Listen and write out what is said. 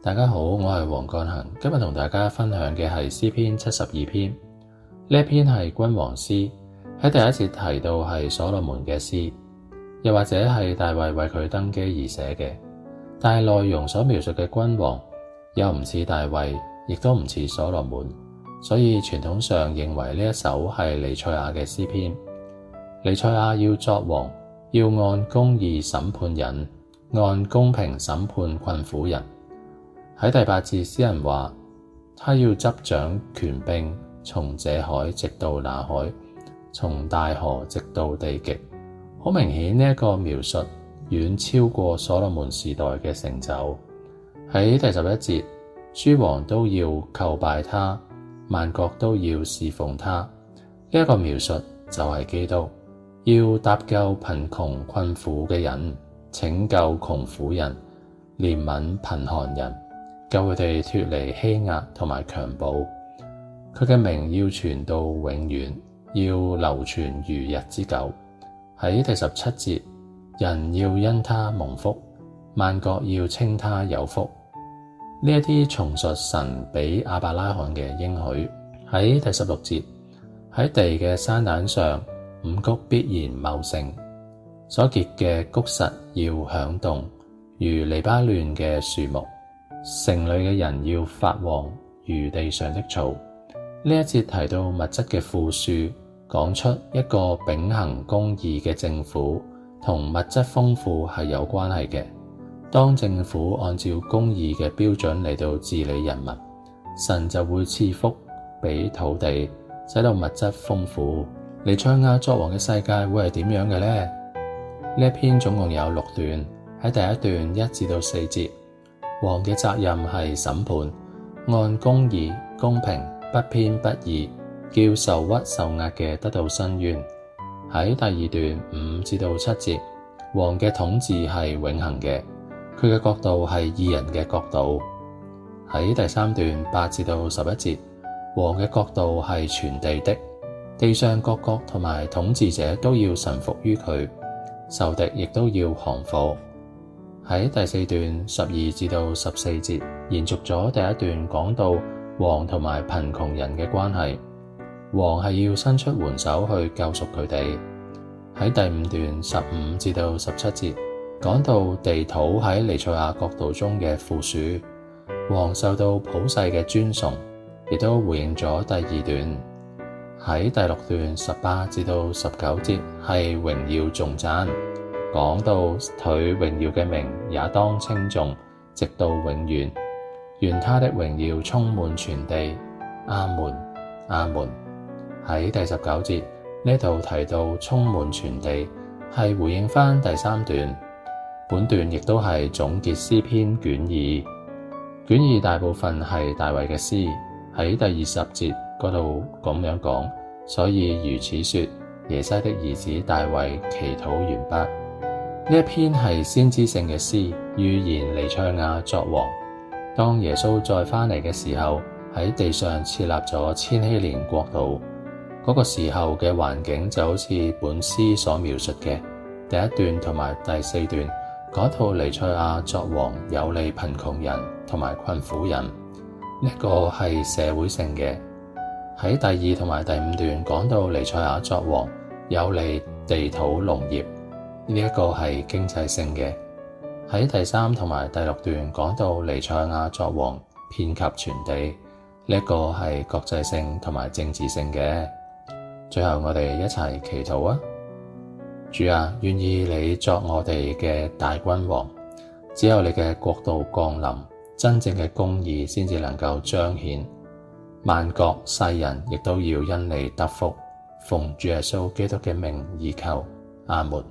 大家好，我係黃濠光。今日同大家分享嘅係詩篇七十二篇。呢篇係君王詩，喺第一節提到係所羅門嘅詩，又或者係大衛為佢登基而寫嘅。但係內容所描述嘅君王又唔似大衛，亦都唔似所羅門，所以傳統上認為呢一首係彌賽亞嘅詩篇。彌賽亞要作王，要按公義審判人，按公平審判困苦人。喺第八節，詩人話：他要執掌權柄，從這海直到那海，從大河直到地極。好明顯，呢一個描述遠超過所羅門時代嘅成就。喺第十一節，諸王都要叩拜他，萬國都要侍奉他。呢一個描述就係基督要搭救貧窮困苦嘅人，拯救窮苦人，憐憫貧寒人。救佢哋脫離欺壓同埋強暴，佢嘅名要傳到永遠，要流傳如日之久。喺第十七節，人要因他蒙福，萬國要稱他有福。呢一啲重述神畀亞伯拉罕嘅應許。喺第十六節，喺地嘅山頂上五穀必然茂盛，所結嘅穀實要響動，如黎巴嫩嘅樹木。城裏嘅人要發旺，如地上的草。呢一節提到物質嘅富庶，講出一個秉行公義嘅政府同物質豐富係有關係嘅。當政府按照公義嘅標準嚟到治理人民，神就會賜福俾土地，使到物質豐富。你昌雅作王嘅世界會係點樣嘅咧？呢一篇總共有六段，喺第一段一至到四節。王嘅責任係審判，按公義、公平、不偏不倚，叫受屈受壓嘅得到伸冤。喺第二段五至到七節，王嘅統治係永恒嘅，佢嘅國度係義人嘅國度。喺第三段八至到十一節，王嘅國度係全地的，地上各國同埋統治者都要臣服於佢，仇敵亦都要降服。喺第四段十二至到十四節，延續咗第一段講到王同埋貧窮人嘅關係，王係要伸出援手去救贖佢哋。喺第五段十五至到十七節，講到地土喺尼賽亞國度中嘅附屬，王受到普世嘅尊崇，亦都回應咗第二段。喺第六段十八至到十九節係榮耀頌讚。講到佢榮耀嘅名也當稱頌，直到永遠，願他的榮耀充滿全地。阿門，阿門。喺第十九節呢度提到充滿全地，係回應翻第三段。本段亦都係總結詩篇卷二，卷二大部分係大衛嘅詩。喺第二十節嗰度咁樣講，所以如此說，耶西的兒子大衛祈禱完畢。呢一篇係先知性嘅詩，預言彌賽亞作王。當耶穌再返嚟嘅時候，喺地上設立咗千禧年國土。嗰、那個時候嘅環境就好似本詩所描述嘅第一段同埋第四段嗰套彌賽亞作王，有利貧窮人同埋困苦人，呢、這個係社會性嘅。喺第二同埋第五段講到彌賽亞作王，有利地土農業。呢一個係經濟性嘅，喺第三同埋第六段講到彌賽亞作王，遍及全地。呢一個係國際性同埋政治性嘅。最後我哋一齊祈禱啊！主啊，願意你作我哋嘅大君王。只有你嘅國度降臨，真正嘅公義先至能夠彰顯，萬國世人亦都要因你得福。奉主耶穌基督嘅名而求，阿門。